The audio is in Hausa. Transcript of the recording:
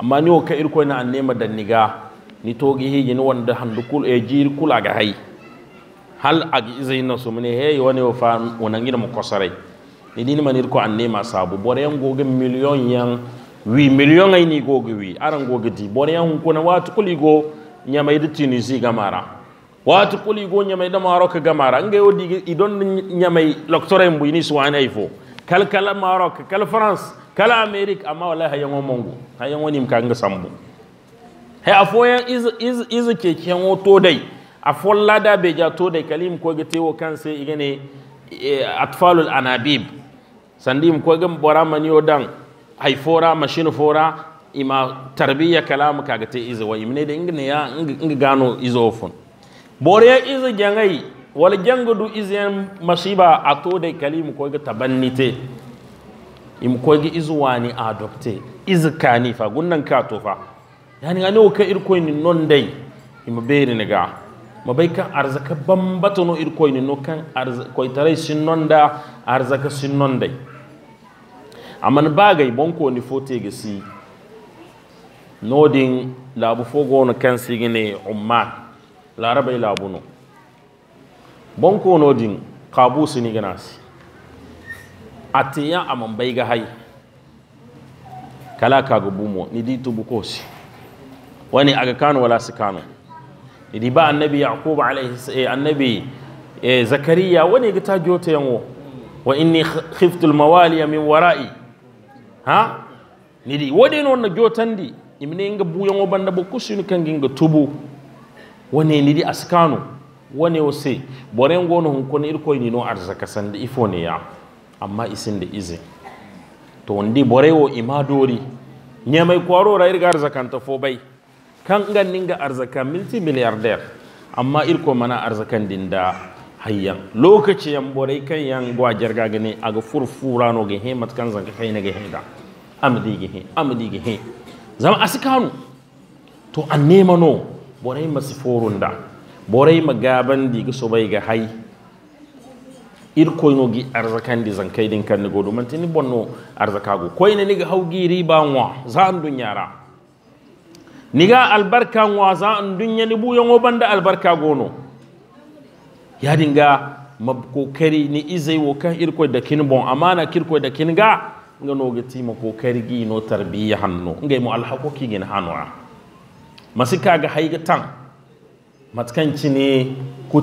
amma ni wo ka irko na nema da niga ni gi hiji ni wanda handu kul e jir kula ga hay hal ag izaina ne he wani wo fa wonangira mo kosare ni dini ko irko nema sabu bore yan goga million yan wi million ay ni goge wi aran goge di bore yan ko na watu kuligo nyamay de tunisi gamara watu kuligo nyamay da maroc gamara ngay wodi idon nyamay loktore mbu ni suwana ifo kal kala maroc kal france kala america amma wala hayan wani mongo hayan wani mka nga sambu hay afoya iz iz iz ke kiyan woto dai afolla da be ja to dai kalim ko ga tewo kan sai igane e, atfalul anabib sandim ko ga bora mani odan ai fora machine fora ima tarbiya kalam ga te izo wa ne da ingne ya inga gano izo ofon bore izo jangai wal jangudu izyan masiba ato dai kalim ko ga tabannite izuwa ni adopte ni fa gunnan kato fa yani ani o ka irkoyni non im ima ne ga ma kan arzaka bambata no ni no kan non da arzaka sinnonday aman ni fote ga si noodin labu fo no kan sigine umman larabai laabu no bonko noodin kabusini ganasi atiya amambai ga hai kala ka gubumo ni di tubu kosi wani aga kano wala su kanu. idi ba annabi yaqub alaihi eh, annabi eh, zakariya wani ga ta jota yanwo wa inni khiftu al mawali min wara'i ha ni di wani no na jotandi imne inga buyan wo banda bo kusinu kanginga tubu wani ni di askano wani wose boren gono hun kono irko ni no arzaka sande ifo ne ya amma isin da izi to ndi borewo imadori kwaro koarora ga arzakan fo bai kan ganin ga arzikan milti miliyarder amma irko mana arzakan dinda hayyan lokaci yan borai kan yan gwa jarga gane ga furfura no ga he matkan zanka kai na ga he da amdi ga he amdi ga he zama asikanu to an nema borai masu forun da borai magaban diga so bai ga hai irkoynogi arzakandi kan kanni goɗo mantini bonno arzakago koyne niga hawgi riba wa za an Ni niga albarka wa za an duñani ngo banda albarka ya dinga mab kari ni izai wo kan da kin bon amana da kin ga nga noga ko kari gi no tarbiya hanno ngay mo alhaqo kigin hanwa Masika ga hayga tan matkancini